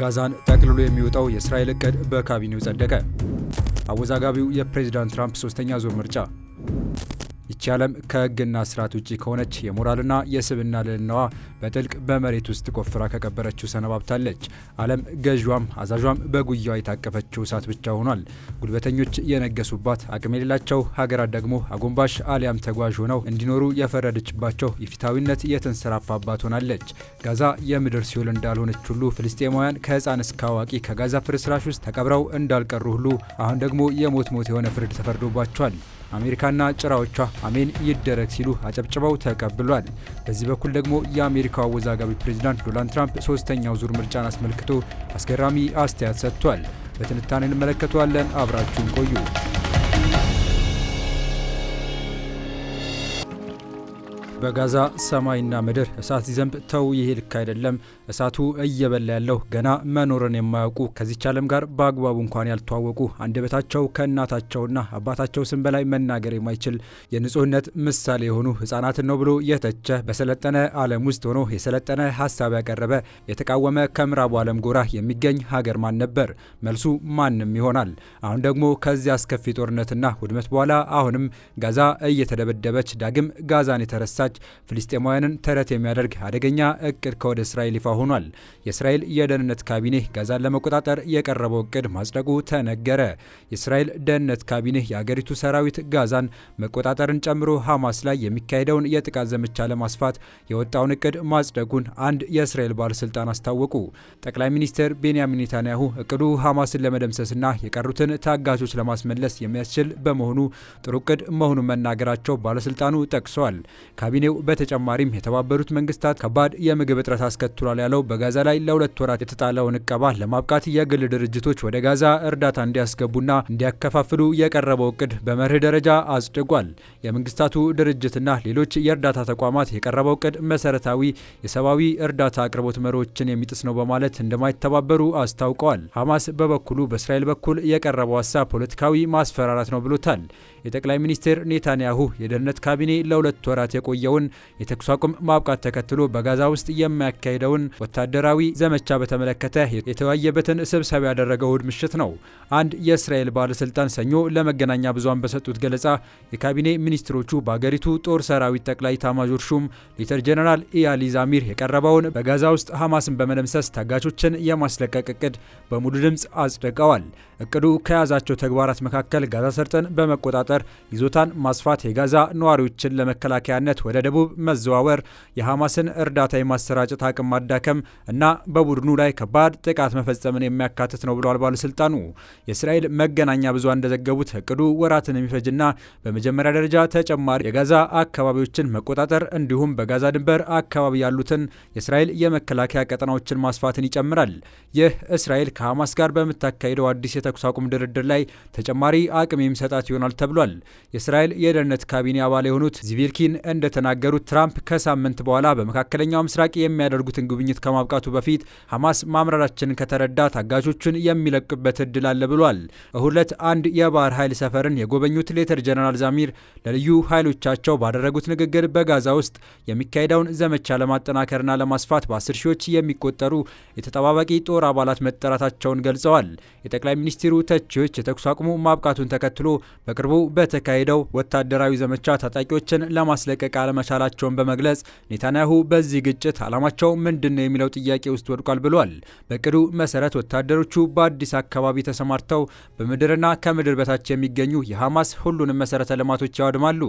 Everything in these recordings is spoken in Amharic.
ጋዛን ጠቅልሎ የሚወጣው የእስራኤል እቅድ በካቢኔው ጸደቀ። አወዛጋቢው የፕሬዚዳንት ትራምፕ ሶስተኛ ዙር ምርጫ ይቺ ዓለም ከህግና ስርዓት ውጪ ከሆነች የሞራልና የስብና ልዕልናዋ በጥልቅ በመሬት ውስጥ ቆፍራ ከቀበረችው ሰነባብታለች። ዓለም ገዥዋም አዛዧም በጉያዋ የታቀፈችው እሳት ብቻ ሆኗል። ጉልበተኞች የነገሱባት፣ አቅም የሌላቸው ሀገራት ደግሞ አጎንባሽ አሊያም ተጓዥ ሆነው እንዲኖሩ የፈረደችባቸው የፊታዊነት የተንሰራፋባት ሆናለች። ጋዛ የምድር ሲኦል እንዳልሆነች ሁሉ ፍልስጤማውያን ከህፃን እስከ አዋቂ ከጋዛ ፍርስራሽ ውስጥ ተቀብረው እንዳልቀሩ ሁሉ አሁን ደግሞ የሞት ሞት የሆነ ፍርድ ተፈርዶባቸዋል። አሜሪካና ጭራዎቿ አሜን ይደረግ ሲሉ አጨብጭበው ተቀብሏል። በዚህ በኩል ደግሞ የአሜሪካው አወዛጋቢ ፕሬዚዳንት ዶናልድ ትራምፕ ሶስተኛው ዙር ምርጫን አስመልክቶ አስገራሚ አስተያየት ሰጥቷል። በትንታኔ እንመለከተዋለን። አብራችሁን ቆዩ። በጋዛ ሰማይና ምድር እሳት ሲዘንብ ተው ይሄ ልክ አይደለም፣ እሳቱ እየበላ ያለው ገና መኖርን የማያውቁ ከዚች ዓለም ጋር በአግባቡ እንኳን ያልተዋወቁ አንደበታቸው ከእናታቸውና አባታቸው ስም በላይ መናገር የማይችል የንጹህነት ምሳሌ የሆኑ ህጻናትን ነው ብሎ የተቸ በሰለጠነ ዓለም ውስጥ ሆኖ የሰለጠነ ሀሳብ ያቀረበ የተቃወመ ከምዕራቡ ዓለም ጎራ የሚገኝ ሀገር ማን ነበር? መልሱ ማንም ይሆናል። አሁን ደግሞ ከዚያ አስከፊ ጦርነትና ውድመት በኋላ አሁንም ጋዛ እየተደበደበች ዳግም ጋዛን የተረሳች አደራጅ ፍልስጤማውያንን ተረት የሚያደርግ አደገኛ እቅድ ከወደ እስራኤል ይፋ ሆኗል። የእስራኤል የደህንነት ካቢኔ ጋዛን ለመቆጣጠር የቀረበው እቅድ ማጽደቁ ተነገረ። የእስራኤል ደህንነት ካቢኔ የአገሪቱ ሰራዊት ጋዛን መቆጣጠርን ጨምሮ ሐማስ ላይ የሚካሄደውን የጥቃት ዘመቻ ለማስፋት የወጣውን እቅድ ማጽደቁን አንድ የእስራኤል ባለስልጣን አስታወቁ። ጠቅላይ ሚኒስትር ቤንያሚን ኔታንያሁ እቅዱ ሐማስን ለመደምሰስና የቀሩትን ታጋቾች ለማስመለስ የሚያስችል በመሆኑ ጥሩ እቅድ መሆኑን መናገራቸው ባለስልጣኑ ጠቅሷል። ካቢኔው በተጨማሪም የተባበሩት መንግስታት ከባድ የምግብ እጥረት አስከትሏል ያለው በጋዛ ላይ ለሁለት ወራት የተጣለውን እቀባ ለማብቃት የግል ድርጅቶች ወደ ጋዛ እርዳታ እንዲያስገቡና እንዲያከፋፍሉ የቀረበው እቅድ በመርህ ደረጃ አጽድጓል። የመንግስታቱ ድርጅትና ሌሎች የእርዳታ ተቋማት የቀረበው እቅድ መሰረታዊ የሰብአዊ እርዳታ አቅርቦት መሪዎችን የሚጥስ ነው በማለት እንደማይተባበሩ አስታውቀዋል። ሐማስ በበኩሉ በእስራኤል በኩል የቀረበው ሀሳብ ፖለቲካዊ ማስፈራራት ነው ብሎታል። የጠቅላይ ሚኒስትር ኔታንያሁ የደህንነት ካቢኔ ለሁለት ወራት የቆየ የዘገየውን የተኩስ አቁም ማብቃት ተከትሎ በጋዛ ውስጥ የሚያካሄደውን ወታደራዊ ዘመቻ በተመለከተ የተወያየበትን ስብሰባ ያደረገው እሁድ ምሽት ነው። አንድ የእስራኤል ባለስልጣን ሰኞ ለመገናኛ ብዙሃን በሰጡት ገለጻ የካቢኔ ሚኒስትሮቹ በአገሪቱ ጦር ሰራዊት ጠቅላይ ታማዦር ሹም ሌተር ጀነራል ኢያሊ ዛሚር የቀረበውን በጋዛ ውስጥ ሐማስን በመደምሰስ ታጋቾችን የማስለቀቅ እቅድ በሙሉ ድምፅ አጽድቀዋል። እቅዱ ከያዛቸው ተግባራት መካከል ጋዛ ሰርጥን በመቆጣጠር ይዞታን ማስፋት፣ የጋዛ ነዋሪዎችን ለመከላከያነት ወደ ደቡብ መዘዋወር፣ የሐማስን እርዳታ የማሰራጨት አቅም ማዳከም እና በቡድኑ ላይ ከባድ ጥቃት መፈጸምን የሚያካትት ነው ብለዋል ባለስልጣኑ። የእስራኤል መገናኛ ብዙሃን እንደዘገቡት እቅዱ ወራትን የሚፈጅና በመጀመሪያ ደረጃ ተጨማሪ የጋዛ አካባቢዎችን መቆጣጠር እንዲሁም በጋዛ ድንበር አካባቢ ያሉትን የእስራኤል የመከላከያ ቀጠናዎችን ማስፋትን ይጨምራል። ይህ እስራኤል ከሐማስ ጋር በምታካሄደው አዲስ የተኩስ አቁም ድርድር ላይ ተጨማሪ አቅም የሚሰጣት ይሆናል ተብሏል። የእስራኤል የደህንነት ካቢኔ አባል የሆኑት ዚቪልኪን እንደተ የተናገሩት ትራምፕ ከሳምንት በኋላ በመካከለኛው ምስራቅ የሚያደርጉትን ጉብኝት ከማብቃቱ በፊት ሐማስ ማምራራችንን ከተረዳ ታጋቾቹን የሚለቅበት እድል አለ ብሏል። እሁድ ዕለት አንድ የባህር ኃይል ሰፈርን የጎበኙት ሌተር ጀነራል ዛሚር ለልዩ ኃይሎቻቸው ባደረጉት ንግግር በጋዛ ውስጥ የሚካሄደውን ዘመቻ ለማጠናከርና ለማስፋት በአስር ሺዎች የሚቆጠሩ የተጠባባቂ ጦር አባላት መጠራታቸውን ገልጸዋል። የጠቅላይ ሚኒስትሩ ተቺዎች የተኩስ አቁሙ ማብቃቱን ተከትሎ በቅርቡ በተካሄደው ወታደራዊ ዘመቻ ታጣቂዎችን ለማስለቀቅ አለ አለመቻላቸውን በመግለጽ ኔታንያሁ በዚህ ግጭት ዓላማቸው ምንድን ነው የሚለው ጥያቄ ውስጥ ወድቋል ብሏል። በቅዱ መሰረት ወታደሮቹ በአዲስ አካባቢ ተሰማርተው በምድርና ከምድር በታች የሚገኙ የሐማስ ሁሉንም መሰረተ ልማቶች ያወድማሉ።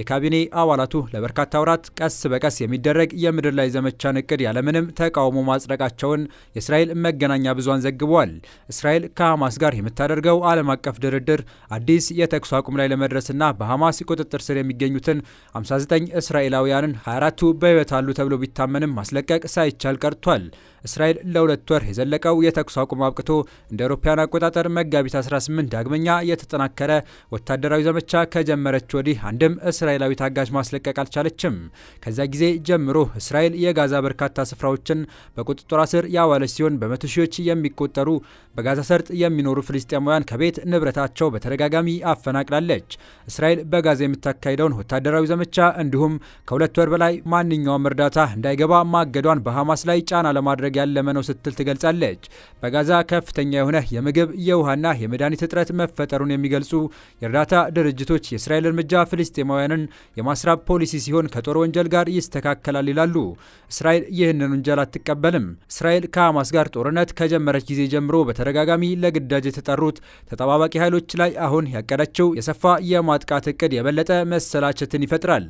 የካቢኔ አባላቱ ለበርካታ ወራት ቀስ በቀስ የሚደረግ የምድር ላይ ዘመቻን እቅድ ያለምንም ተቃውሞ ማጽደቃቸውን የእስራኤል መገናኛ ብዙሃን ዘግቧል። እስራኤል ከሐማስ ጋር የምታደርገው ዓለም አቀፍ ድርድር አዲስ የተኩስ አቁም ላይ ለመድረስና በሐማስ ቁጥጥር ስር የሚገኙትን 59 እስራኤላውያንን 24ቱ በህይወት አሉ ተብሎ ቢታመንም ማስለቀቅ ሳይቻል ቀርቷል። እስራኤል ለሁለት ወር የዘለቀው የተኩስ አቁም አብቅቶ እንደ አውሮፓውያን አቆጣጠር መጋቢት 18 ዳግመኛ የተጠናከረ ወታደራዊ ዘመቻ ከጀመረች ወዲህ አንድም እስራኤላዊ ታጋጅ ማስለቀቅ አልቻለችም። ከዚያ ጊዜ ጀምሮ እስራኤል የጋዛ በርካታ ስፍራዎችን በቁጥጥር ስር ያዋለች ሲሆን በመቶ ሺዎች የሚቆጠሩ በጋዛ ሰርጥ የሚኖሩ ፍልስጤማውያን ከቤት ንብረታቸው በተደጋጋሚ አፈናቅላለች። እስራኤል በጋዛ የምታካሂደውን ወታደራዊ ዘመቻ እንዲሁም ከሁለት ወር በላይ ማንኛውም እርዳታ እንዳይገባ ማገዷን በሐማስ ላይ ጫና ለማድረግ ያለመ ነው ስትል ትገልጻለች። በጋዛ ከፍተኛ የሆነ የምግብ የውሃና የመድኃኒት እጥረት መፈጠሩን የሚገልጹ የእርዳታ ድርጅቶች የእስራኤል እርምጃ ፍልስጤማውያንን የማስራብ ፖሊሲ ሲሆን ከጦር ወንጀል ጋር ይስተካከላል ይላሉ። እስራኤል ይህንን ወንጀል አትቀበልም። እስራኤል ከሐማስ ጋር ጦርነት ከጀመረች ጊዜ ጀምሮ በተደጋጋሚ ለግዳጅ የተጠሩት ተጠባባቂ ኃይሎች ላይ አሁን ያቀዳቸው የሰፋ የማጥቃት እቅድ የበለጠ መሰላቸትን ይፈጥራል።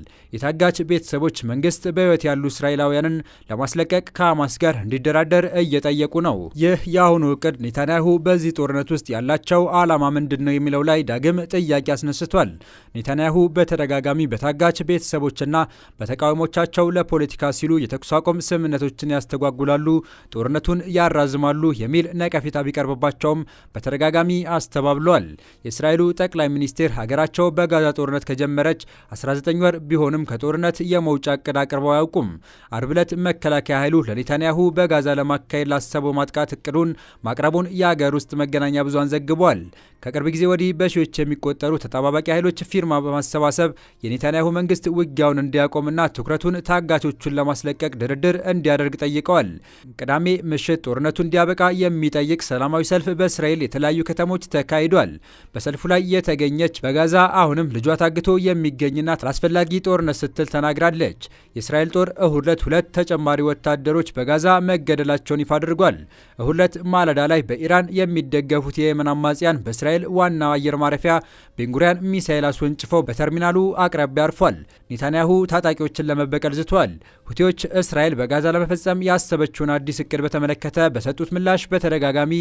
ታጋች ቤተሰቦች መንግስት በህይወት ያሉ እስራኤላውያንን ለማስለቀቅ ከሐማስ ጋር እንዲደራደር እየጠየቁ ነው። ይህ የአሁኑ እቅድ ኔታንያሁ በዚህ ጦርነት ውስጥ ያላቸው ዓላማ ምንድን ነው የሚለው ላይ ዳግም ጥያቄ አስነስቷል። ኔታንያሁ በተደጋጋሚ በታጋች ቤተሰቦችና በተቃዋሚዎቻቸው ለፖለቲካ ሲሉ የተኩስ አቁም ስምምነቶችን ያስተጓጉላሉ፣ ጦርነቱን ያራዝማሉ የሚል ነቀፌታ ቢቀርብባቸውም በተደጋጋሚ አስተባብሏል። የእስራኤሉ ጠቅላይ ሚኒስቴር ሀገራቸው በጋዛ ጦርነት ከጀመረች 19 ወር ቢሆንም ከጦ ጦርነት የመውጫ እቅድ አቅርበው አያውቁም። አርብ ዕለት መከላከያ ኃይሉ ለኔታንያሁ በጋዛ ለማካሄድ ላሰበው ማጥቃት እቅዱን ማቅረቡን የአገር ውስጥ መገናኛ ብዙሃን ዘግቧል። ከቅርብ ጊዜ ወዲህ በሺዎች የሚቆጠሩ ተጠባባቂ ኃይሎች ፊርማ በማሰባሰብ የኔታንያሁ መንግስት ውጊያውን እንዲያቆምና ትኩረቱን ታጋቾቹን ለማስለቀቅ ድርድር እንዲያደርግ ጠይቀዋል። ቅዳሜ ምሽት ጦርነቱ እንዲያበቃ የሚጠይቅ ሰላማዊ ሰልፍ በእስራኤል የተለያዩ ከተሞች ተካሂዷል። በሰልፉ ላይ የተገኘች በጋዛ አሁንም ልጇ ታግቶ የሚገኝና አላስፈላጊ ጦርነት ስትል ተናግራለች። የእስራኤል ጦር እሁለት ሁለት ተጨማሪ ወታደሮች በጋዛ መገደላቸውን ይፋ አድርጓል። እሁለት ማለዳ ላይ በኢራን የሚደገፉት የየመን አማጽያን በእስራኤል ዋና አየር ማረፊያ ቤንጉሪያን ሚሳኤል አስወንጭፈው በተርሚናሉ አቅራቢያ አርፏል። ኔታንያሁ ታጣቂዎችን ለመበቀል ዝቷል። ሁቴዎች እስራኤል በጋዛ ለመፈጸም ያሰበችውን አዲስ እቅድ በተመለከተ በሰጡት ምላሽ በተደጋጋሚ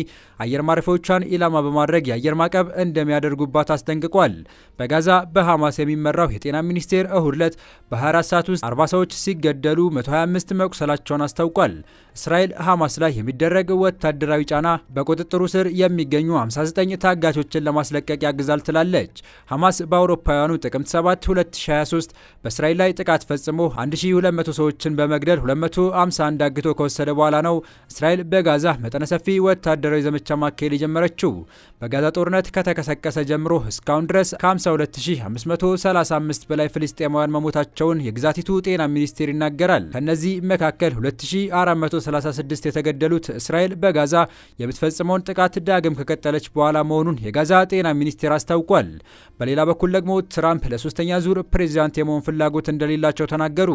አየር ማረፊያዎቿን ኢላማ በማድረግ የአየር ማዕቀብ እንደሚያደርጉባት አስጠንቅቋል። በጋዛ በሐማስ የሚመራው የጤና ሚኒስቴር እሁድ ዕለት በ24 ሰዓት ውስጥ 40 ሰዎች ሲገደሉ 125 መቁሰላቸውን አስታውቋል። እስራኤል ሐማስ ላይ የሚደረግ ወታደራዊ ጫና በቁጥጥሩ ስር የሚገኙ 59 ታጋቾችን ለማስለቀቅ ያግዛል ትላለች። ሐማስ በአውሮፓውያኑ ጥቅምት 7 2023 በእስራኤል ላይ ጥቃት ፈጽሞ 1200 ሰዎችን በመግደል 251 አግቶ ከወሰደ በኋላ ነው እስራኤል በጋዛ መጠነ ሰፊ ወታደራዊ ዘመቻ ማካሄድ የጀመረችው። በጋዛ ጦርነት ከተቀሰቀሰ ጀምሮ እስካሁን ድረስ ከ52535 በላይ ፍልስጤማውያን መሞታቸውን የግዛቲቱ ጤና ሚኒስቴር ይናገራል። ከእነዚህ መካከል 2400 136 የተገደሉት እስራኤል በጋዛ የምትፈጽመውን ጥቃት ዳግም ከቀጠለች በኋላ መሆኑን የጋዛ ጤና ሚኒስቴር አስታውቋል። በሌላ በኩል ደግሞ ትራምፕ ለሶስተኛ ዙር ፕሬዚዳንት የመሆን ፍላጎት እንደሌላቸው ተናገሩ።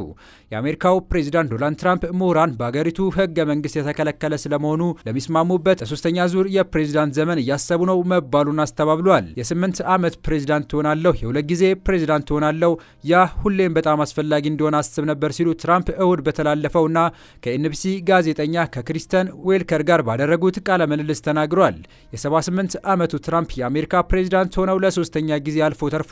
የአሜሪካው ፕሬዚዳንት ዶናልድ ትራምፕ ምሁራን በሀገሪቱ ህገ መንግስት የተከለከለ ስለመሆኑ ለሚስማሙበት ለሶስተኛ ዙር የፕሬዚዳንት ዘመን እያሰቡ ነው መባሉን አስተባብሏል። የስምንት ዓመት ፕሬዚዳንት ትሆናለሁ፣ የሁለት ጊዜ ፕሬዚዳንት ትሆናለሁ፣ ያ ሁሌም በጣም አስፈላጊ እንደሆነ አስብ ነበር ሲሉ ትራምፕ እሁድ በተላለፈውና ከኤንቢሲ ጋር ጋዜጠኛ ከክሪስተን ዌልከር ጋር ባደረጉት ቃለ ምልልስ ተናግሯል። የ78 ዓመቱ ትራምፕ የአሜሪካ ፕሬዚዳንት ሆነው ለሶስተኛ ጊዜ አልፎ ተርፎ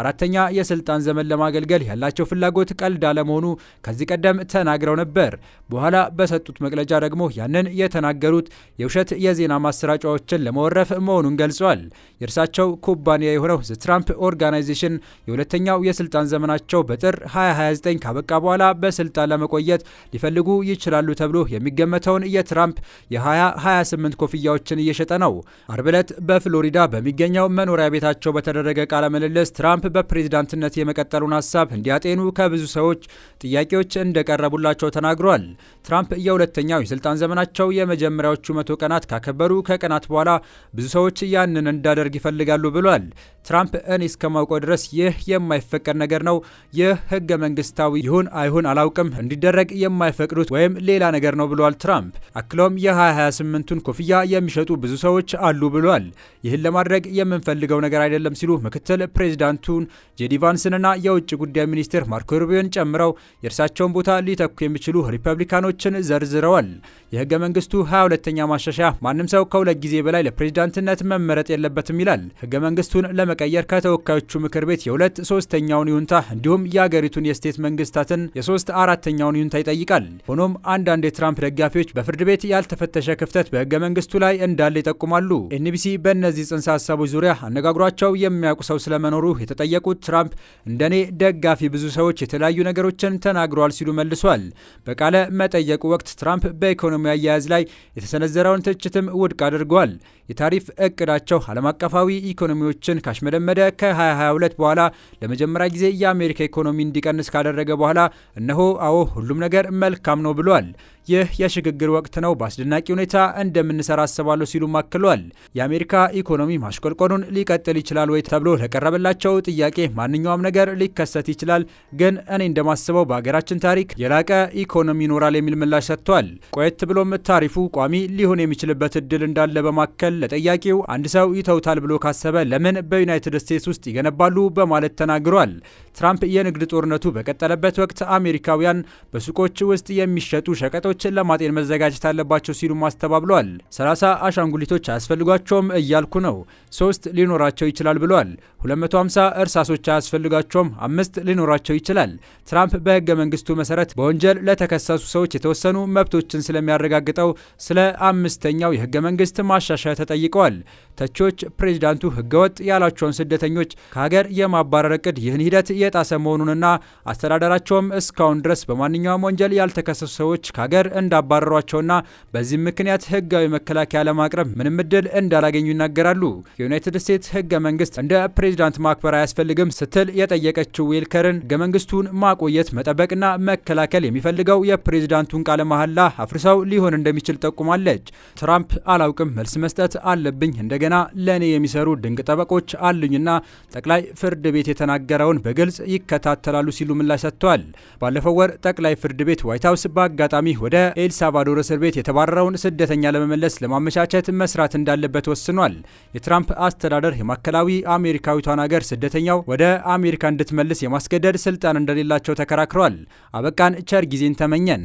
አራተኛ የስልጣን ዘመን ለማገልገል ያላቸው ፍላጎት ቀልድ አለመሆኑ ከዚህ ቀደም ተናግረው ነበር። በኋላ በሰጡት መግለጫ ደግሞ ያንን የተናገሩት የውሸት የዜና ማሰራጫዎችን ለመወረፍ መሆኑን ገልጿል። የእርሳቸው ኩባንያ የሆነው ዘ ትራምፕ ኦርጋናይዜሽን የሁለተኛው የስልጣን ዘመናቸው በጥር 2029 ካበቃ በኋላ በስልጣን ለመቆየት ሊፈልጉ ይችላሉ ተብሎ የሚገመተውን የትራምፕ የ2028 ኮፍያዎችን እየሸጠ ነው። አርብ ዕለት በፍሎሪዳ በሚገኘው መኖሪያ ቤታቸው በተደረገ ቃለ ምልልስ ትራምፕ በፕሬዚዳንትነት የመቀጠሉን ሀሳብ እንዲያጤኑ ከብዙ ሰዎች ጥያቄዎች እንደቀረቡላቸው ተናግሯል። ትራምፕ የሁለተኛው የስልጣን ዘመናቸው የመጀመሪያዎቹ መቶ ቀናት ካከበሩ ከቀናት በኋላ ብዙ ሰዎች ያንን እንዳደርግ ይፈልጋሉ ብሏል። ትራምፕ እኔ እስከማውቀው ድረስ ይህ የማይፈቀድ ነገር ነው። ይህ ህገ መንግስታዊ ይሁን አይሁን አላውቅም እንዲደረግ የማይፈቅዱት ወይም ሌላ ነገር ነው ብሏል ትራምፕ። አክለውም የ2028ቱን ኮፍያ የሚሸጡ ብዙ ሰዎች አሉ ብሏል። ይህን ለማድረግ የምንፈልገው ነገር አይደለም ሲሉ ምክትል ፕሬዚዳንቱን ጄዲ ቫንስንና የውጭ ጉዳይ ሚኒስትር ማርኮ ሩቢዮን ጨምረው የእርሳቸውን ቦታ ሊተኩ የሚችሉ ሪፐብሊካኖችን ዘርዝረዋል። የህገ መንግስቱ 22 ተኛ ማሻሻያ ማንም ሰው ከሁለት ጊዜ በላይ ለፕሬዚዳንትነት መመረጥ የለበትም ይላል። ህገ መንግስቱን ለመ ለመቀየር ከተወካዮቹ ምክር ቤት የሁለት ሶስተኛውን ይሁንታ እንዲሁም የአገሪቱን የስቴት መንግስታትን የሶስት አራተኛውን ይሁንታ ይጠይቃል። ሆኖም አንዳንድ የትራምፕ ደጋፊዎች በፍርድ ቤት ያልተፈተሸ ክፍተት በህገ መንግስቱ ላይ እንዳለ ይጠቁማሉ። ኤንቢሲ በእነዚህ ጽንሰ ሀሳቦች ዙሪያ አነጋግሯቸው የሚያውቁ ሰው ስለመኖሩ የተጠየቁት ትራምፕ እንደኔ ደጋፊ ብዙ ሰዎች የተለያዩ ነገሮችን ተናግረዋል ሲሉ መልሷል። በቃለ መጠየቁ ወቅት ትራምፕ በኢኮኖሚ አያያዝ ላይ የተሰነዘረውን ትችትም ውድቅ አድርገዋል። የታሪፍ እቅዳቸው ዓለም አቀፋዊ ኢኮኖሚዎችን ማሽመደመደ ከ2022 በኋላ ለመጀመሪያ ጊዜ የአሜሪካ ኢኮኖሚ እንዲቀንስ ካደረገ በኋላ እነሆ አዎ ሁሉም ነገር መልካም ነው ብሏል። ይህ የሽግግር ወቅት ነው፣ በአስደናቂ ሁኔታ እንደምንሰራ አስባለሁ ሲሉም አክለዋል። የአሜሪካ ኢኮኖሚ ማሽቆልቆሉን ሊቀጥል ይችላል ወይ ተብሎ ለቀረበላቸው ጥያቄ ማንኛውም ነገር ሊከሰት ይችላል፣ ግን እኔ እንደማስበው በሀገራችን ታሪክ የላቀ ኢኮኖሚ ይኖራል የሚል ምላሽ ሰጥቷል። ቆየት ብሎም ታሪፉ ቋሚ ሊሆን የሚችልበት እድል እንዳለ በማከል ለጠያቂው አንድ ሰው ይተውታል ብሎ ካሰበ ለምን በዩናይትድ ስቴትስ ውስጥ ይገነባሉ በማለት ተናግሯል። ትራምፕ የንግድ ጦርነቱ በቀጠለበት ወቅት አሜሪካውያን በሱቆች ውስጥ የሚሸጡ ሸቀጦች አሻንጉሊቶችን ለማጤን መዘጋጀት አለባቸው ሲሉም አስተባብለዋል። 30 አሻንጉሊቶች አያስፈልጓቸውም እያልኩ ነው። ሶስት ሊኖራቸው ይችላል ብለዋል። 250 እርሳሶች አያስፈልጋቸውም አምስት ሊኖራቸው ይችላል። ትራምፕ በህገ መንግስቱ መሰረት በወንጀል ለተከሰሱ ሰዎች የተወሰኑ መብቶችን ስለሚያረጋግጠው ስለ አምስተኛው የህገ መንግስት ማሻሻያ ተጠይቀዋል። ተቺዎች ፕሬዚዳንቱ ህገወጥ ያላቸውን ስደተኞች ከሀገር የማባረር እቅድ ይህን ሂደት የጣሰ መሆኑንና አስተዳደራቸውም እስካሁን ድረስ በማንኛውም ወንጀል ያልተከሰሱ ሰዎች ከሀገር እንዳባረሯቸውና በዚህም ምክንያት ህጋዊ መከላከያ ለማቅረብ ምንም እድል እንዳላገኙ ይናገራሉ። የዩናይትድ ስቴትስ ህገ መንግስት እንደ ፕሬዚዳንት ማክበር አያስፈልግም ስትል የጠየቀችው ዊልከርን ህገ መንግስቱን ማቆየት መጠበቅና መከላከል የሚፈልገው የፕሬዚዳንቱን ቃለ መሐላ አፍርሰው ሊሆን እንደሚችል ጠቁማለች። ትራምፕ አላውቅም፣ መልስ መስጠት አለብኝ፣ እንደገና ለእኔ የሚሰሩ ድንቅ ጠበቆች አሉኝና ጠቅላይ ፍርድ ቤት የተናገረውን በግልጽ ይከታተላሉ ሲሉ ምላሽ ሰጥቷል። ባለፈው ወር ጠቅላይ ፍርድ ቤት ዋይት ሀውስ በአጋጣሚ ወደ ኤልሳልቫዶር እስር ቤት የተባረረውን ስደተኛ ለመመለስ ለማመቻቸት መስራት እንዳለበት ወስኗል። የትራምፕ አስተዳደር የማዕከላዊ አሜሪካዊቷን ሀገር ስደተኛው ወደ አሜሪካ እንድትመልስ የማስገደድ ስልጣን እንደሌላቸው ተከራክረዋል። አበቃን። ቸር ጊዜን ተመኘን።